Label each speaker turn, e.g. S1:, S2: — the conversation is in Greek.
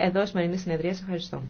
S1: εδώ η σημερινή συνεδρία. Σας ευχαριστώ.